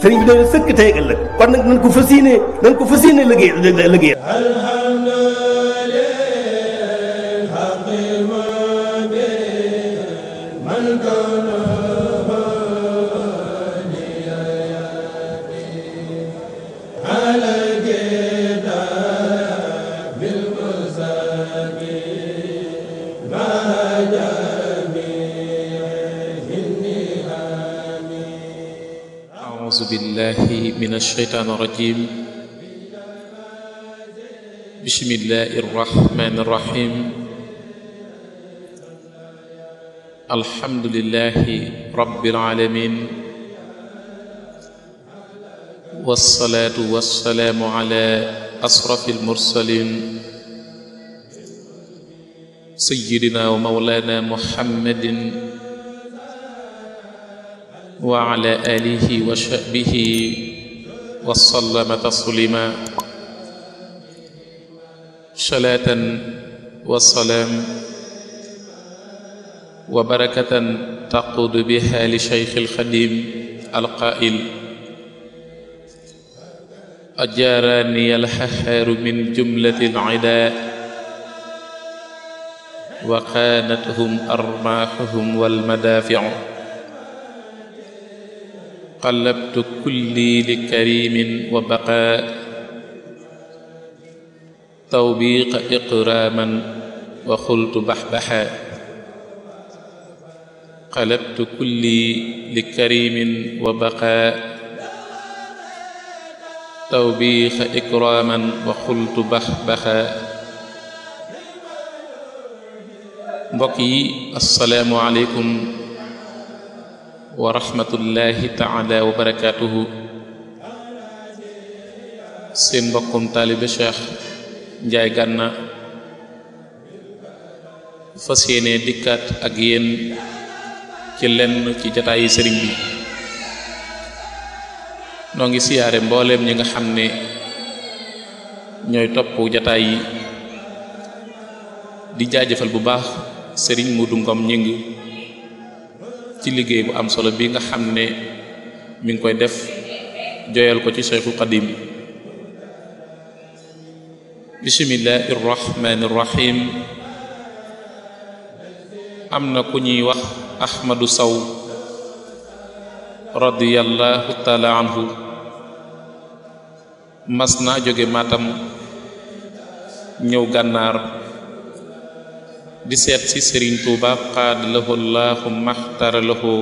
sëriñ bi daal sëkk tey ëllëg kon nag nañ ko fas yéene nañ ko fas yéene liggéey liggéey أعوذ بالله من الشيطان الرجيم بسم الله الرحمن الرحيم الحمد لله رب العالمين والصلاة والسلام على أشرف المرسلين سيدنا ومولانا محمد wa ala alihi wa sahbihi wa sallama taslima salaatan wa salaam wa barakatan taqudu biha li shaykh al-xadim al-qaa'il ajaarani al-xaxaaru min jumlati al-idaa wa qaanatuhum armaaxuhum wal madaafi'u qalabtu kulli li karimin wa baqaa tawbiqa iqraman wa xultu baxbaxa qalabtu kulli li karimin wa baqaa tawbiqa iqraman wa xultu baxbaxa mbokk yi asalaamu aleykum wa rahmatullahi taala wa barakaatuhu seen mbokkum taalibe Cheikh Njaay Gànna fas yéene dikkaat ak yéen ci lenn ci jataayi sëriñ bi noo ngi siyaare mbooleem ñi nga xam ne ñooy topp jataay yi di jaajëfal bu baax sëriñ Mudu Ngom ngi ci liggéey bu am solo bi nga xam ne mi ngi koy def joyal ko ci Cheikhul Qadim bismillahi irrahmani irrahim am na ku ñuy wax Ahmadu Saw radiyallahu taala anhu mas naa jóge Matam ñëw gànnaar di seet ci sëriñ tuuba xaad lahu laahu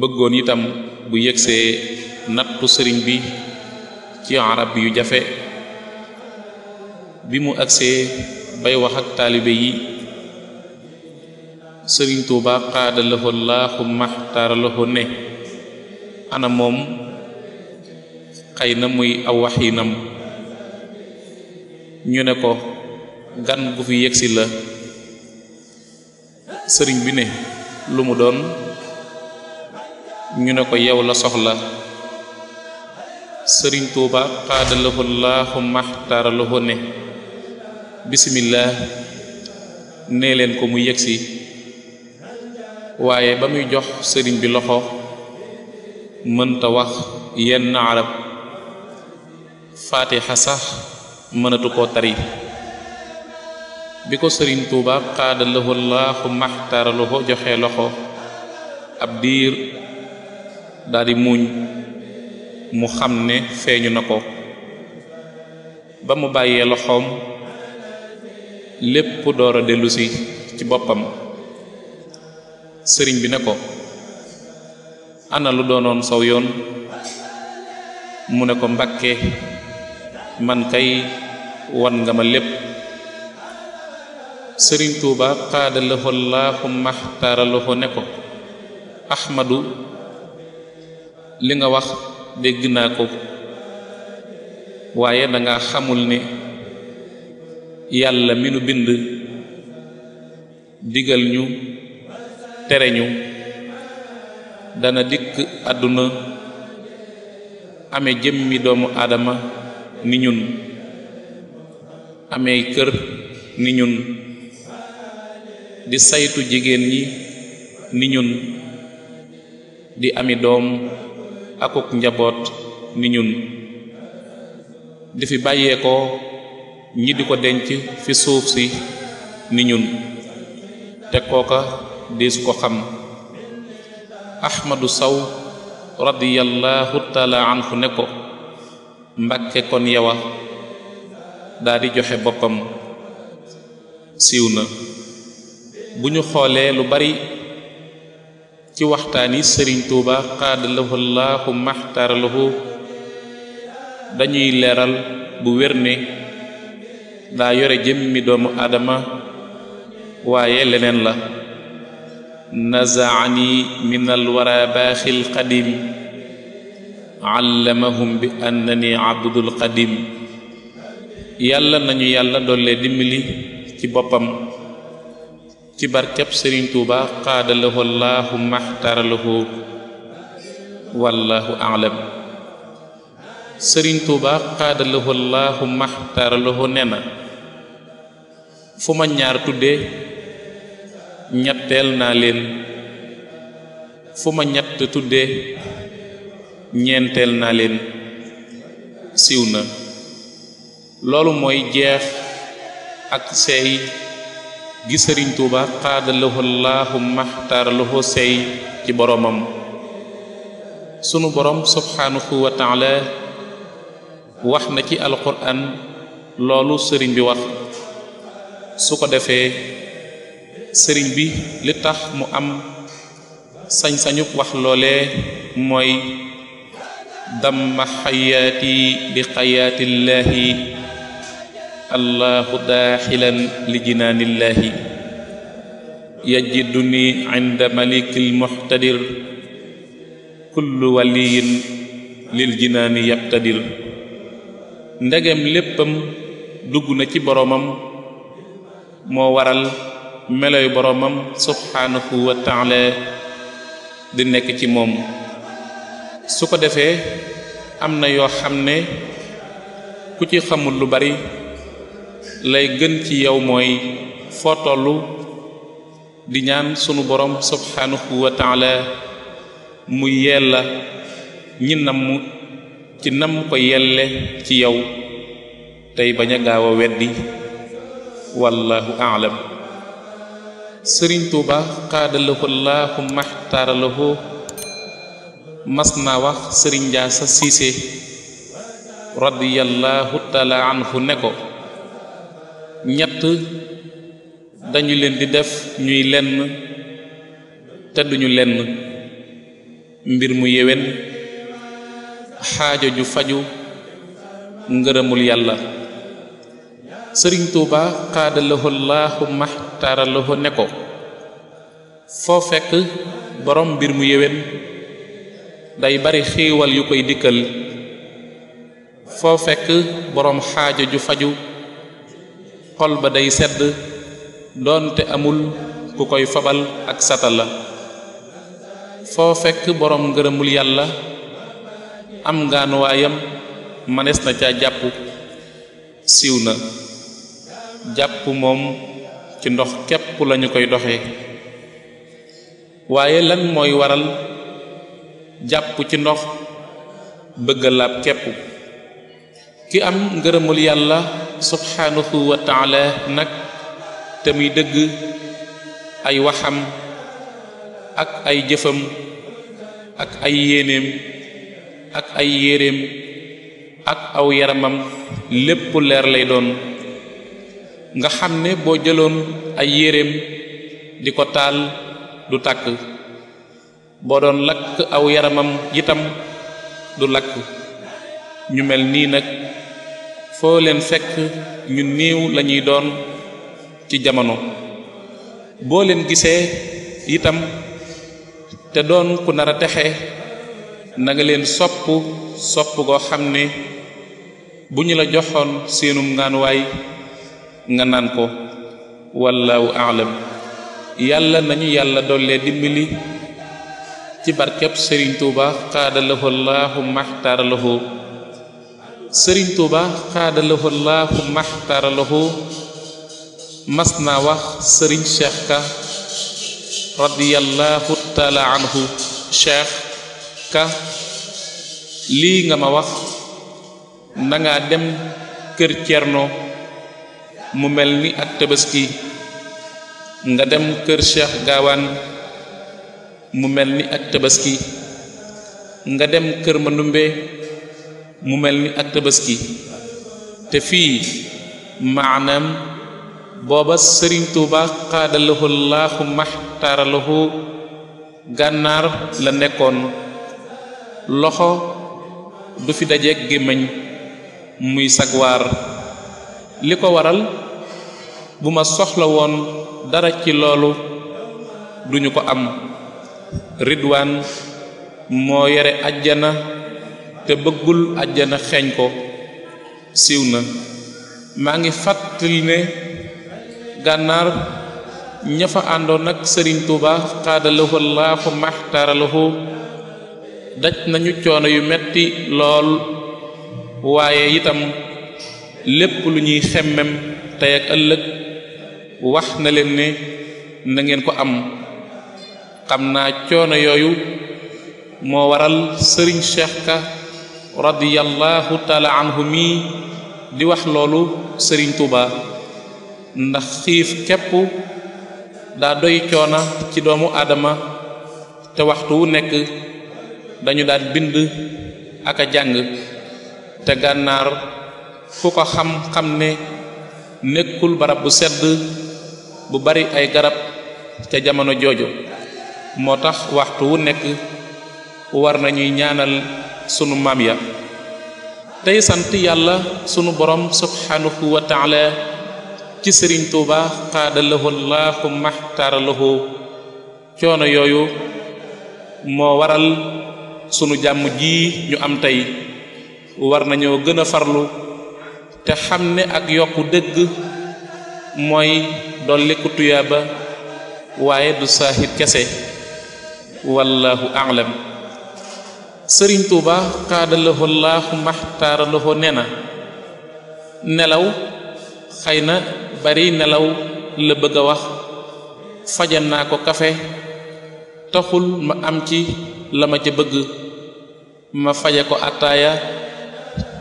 bëggoon itam bu yëgsee nattu sëriñ bi ci arab yu jafe bi mu agsee bay wax ak taalibe yi sëriñ tuuba xaad lahu laahu maxtara ne ana moom xëy na muy aw ñu ne ko gan gu fi yegsi la sëriñ bi ne lu mu doon ñu ne ko yow la soxla sëriñ tuuba xaadalaxu laaxu maxtaaralaxu ne bisimilah nee leen ko mu yegsi waaye ba muy jox sëriñ bi loxo mënta wax yenn arab faatixa sax mënatu koo tari bi ko sëriñ tuuba xaada lahu laaxu maxtaara lahu joxe loxo ab diir daldi muuñ mu xam ne feeñu na ko ba mu bàyyee loxoom lépp door a dellusi ci boppam sëriñ bi ne ko ana lu doonoon saw yoon mu ne ko mbakke man kay wan nga ma lépp sëriñ tuuba qaada lahu laahu maxtaara lahu ne ko ahmadu li nga wax dégg naa ko waaye danga xamul ni yàlla mi nu bind digal ñu tere ñu dana dikk àdduna ame jëm jëmmi doomu aadama ni ñun amee kër ni ñun di saytu jigéen ñi ni ñun di ami doom akuk njaboot ni ñun di fi bàyyeekoo ñi di ko denc fi suuf si ni ñun te kooka deesu ko xam ahmadu saw radiyallahu taala anhu ne ko mbàkke kon yowa daa joxe boppam siiw na bu ñu xoolee lu bari ci waxtaan yi sëriñ tuuba xaada lahu laahu dañuy leeral bu wér ne daa yore jëmmi doomu aadama waaye leneen la nazaani min alwara baaxil qadim allamahum bi annani abdul yàlla nañu yàlla ci boppam ci barkeb sëriñ tuuba xaadalahu allahu maxtaralahu wallahu alam sëriñ tuuba xaadalahu allahu nee na fu ma ñaar tudde ñetteel naa leen fu ma ñett tudde ñeenteel naa leen siw na loolu mooy jeex ak seey gi sëriñ tuuba xaada lahu laahu maxtaar lahu sey ci boroomam sunu borom subhanahu wa taala wax na ci alquran loolu sëriñ bi wax su ko defee sëriñ bi li tax mu am sañ-sañub wax loole mooy damma xayaati di xayaatillaahi allahu daaxilan li jinaanillaahi yajiduni inda malikil muxtadir kullu waliyin lil jinaani yaqtadir ndegem léppam dugg na ci boroomam moo waral meloy boroomam subhaanahu wa taala di nekk ci moom su ko defee am na yoo xam ne ku ci xamul lu bari lay gën ci yow mooy foo tollu di ñaan sunu borom subhanahu wa taala mu yeel la ñi namm ci nam ko yelle ci yow tey bañ a gaaw a weddi wallahu aalam sëriñ tuuba xaadalahu laahu maxtaaralahu mas naa wax sëriñ njaasa siise radiyallahu taala fu ne ko ñett dañu leen di def ñuy lenn te duñu lenn mbir mu yéwén xaajo ju faju ngërëmul yàlla sëriñ tuuba xaadalahu laahu maxtaaralahu ne ko foo fekk boroom mbir mu yéwén day bari xiiwal yu koy dikkal foo fekk borom xaajo ju faju xol ba day sedd doonte amul ku koy fabal ak satala foo fekk boroom ngërëmul yàlla am ngaanuwaayam manees na ca jàpp siiw na jàpp moom ci ndox képp lañu koy doxee waaye lan mooy waral jàpp ci ndox bëgga laab képp ki am ngërëmul yàlla subhanahu wa taala nag te muy dëgg ay waxam ak ay jëfam ak ay yéeneem ak ay yéreem ak aw yaramam lépp leer lay doon nga xam ni boo jëloon ay yéreem di ko taal du tàkk boo doon lakk aw yaramam itam du lakk ñu mel nii nag foo leen fekk ñu néew lañuy doon ci jamono boo leen gisee itam te doon ku nar a texe na leen sopp sopp koo xam ne bu ñu la joxoon seenum ngaanuwaay nga naan ko wallahu aalam yàlla nañu yàlla dollee dimbali ci barkeb Sëriñ Tuuba xaadalaho laahu maxtaaralaho sëriñ tuuba xaadalahu laahu maxtaaralahu mas naa wax sëriñ cheikh ka radiallahu taala anhu cheikh ka lii nga ma wax nanga dem kër cerno mu mel ni ak tabaski nga dem kër cheikh gaawaan mu mel ni ak tabaski nga dem kër mandumbe mu mel ni ak tabaski te fii maanaam booba sëriñ tuuba xaadalahu laahu maxtaaralahu gànnaar la nekkoon loxo du fi dajeeg gémmiñ muy sagwaar li ko waral bu ma soxla woon dara ci loolu duñu ko am ridwaan moo yore ajjana te bëggul àjjana xeeñ ko siiw na maa ngi fàttali ne gànnaar ña fa àndoon ak sëriñ tuuba xaadalahu laahu maxtaaralahu daj nañu coono yu metti lool waaye itam lépp lu ñuy xemmem tey ak ëllëg wax na leen ne na ngeen ko am xam naa coono yooyu moo waral sëriñ Cheikh Ka radiyallahu taala anhu mi di wax loolu sëriñ Tuuba ndax xiif képp daa doy coona ci doomu aadama te waxtu wu nekk dañu daan bind ak a jàng te gànnaar ku ko xam-xam ne nekkul barab bu sedd bu bari ay garab ca jamono joojo moo tax waxtu wu nekk war nañuy ñaanal sunu maam ya tey sant yàlla sunu borom subhanahu wa taala ci sëriñ tuuba xaada lahu allahu maxtaara lahu coono yooyu moo waral sunu jàmm ji ñu am tey war nañoo gën a farlu te xam ne ak yokku dégg mooy dolliku tuyaaba waaye du saaxit kese wallahu aalam sëriñ tuuba xaadalahoo laaxu maxtaaralahoo nee na nelaw xëy na bari nelaw la bëgg a wax faje naa ko kafe toxul ma am ci la ma ca bëgg ma faje ko attaaya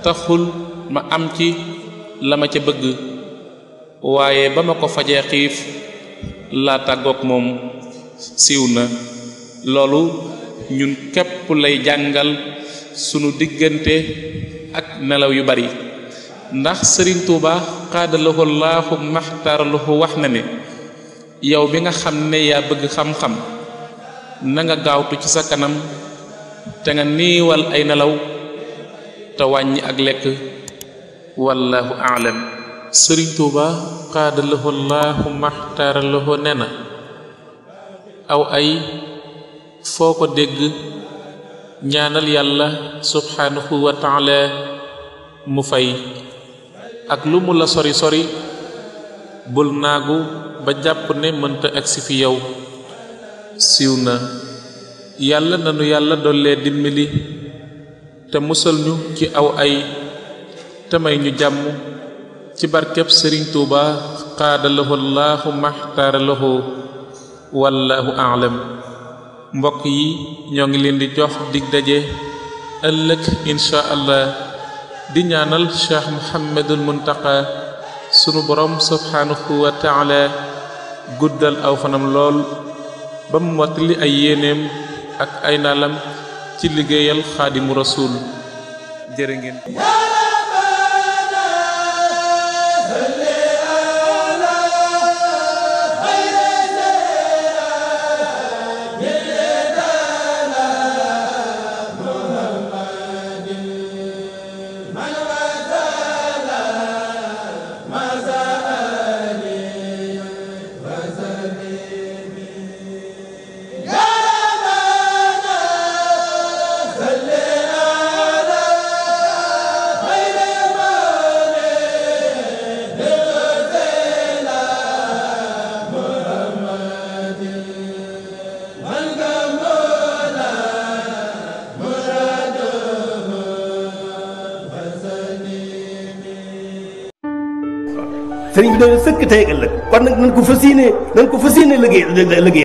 taxul ma am ci la ma ca bëgg waaye ba ma ko fajee xiif laa tàggoog moom siiw na loolu ñun képp lay jàngal sunu diggante ak nelaw yu bari ndax sëriñ tuuba xaadalahu laahu maxtaaralahu wax na ne yow bi nga xam ne yaa bëgg xam-xam na gaawtu ci sa kanam te nga niiwal ay nelaw te wàññi ak lekk wallahu aalam sëriñ tuuba xaadalahu laahu maxtaaralahu ne na aw ay foo ko dégg ñaanal yàlla subhanahu wa taala mu fay ak lu mu la sori sori bul naagu ba jàpp ne mënta agsi fi yow siiw na yàlla nanu yàlla dollee dimbali te musal ñu ci aw ay te may jàmm ci barkeb sëriñ tuuba xaadalahu allahu maxtaaralahu wallahu aalam mbokk yi ñoo ngi leen di jox di daje ëllëg incha allah di ñaanal cheikh muhammadul muntaqa sunu boroom subhanahu wa guddal aw fanam lool ba mu wattali ay yéeneem ak ay naalam ci liggéeyal xaadimu rasul jërë ngeen sëriñ bi dana tey ak ëllëg kon nag nañ ko fas yéene nañ ko fas yéene liggéey liggéey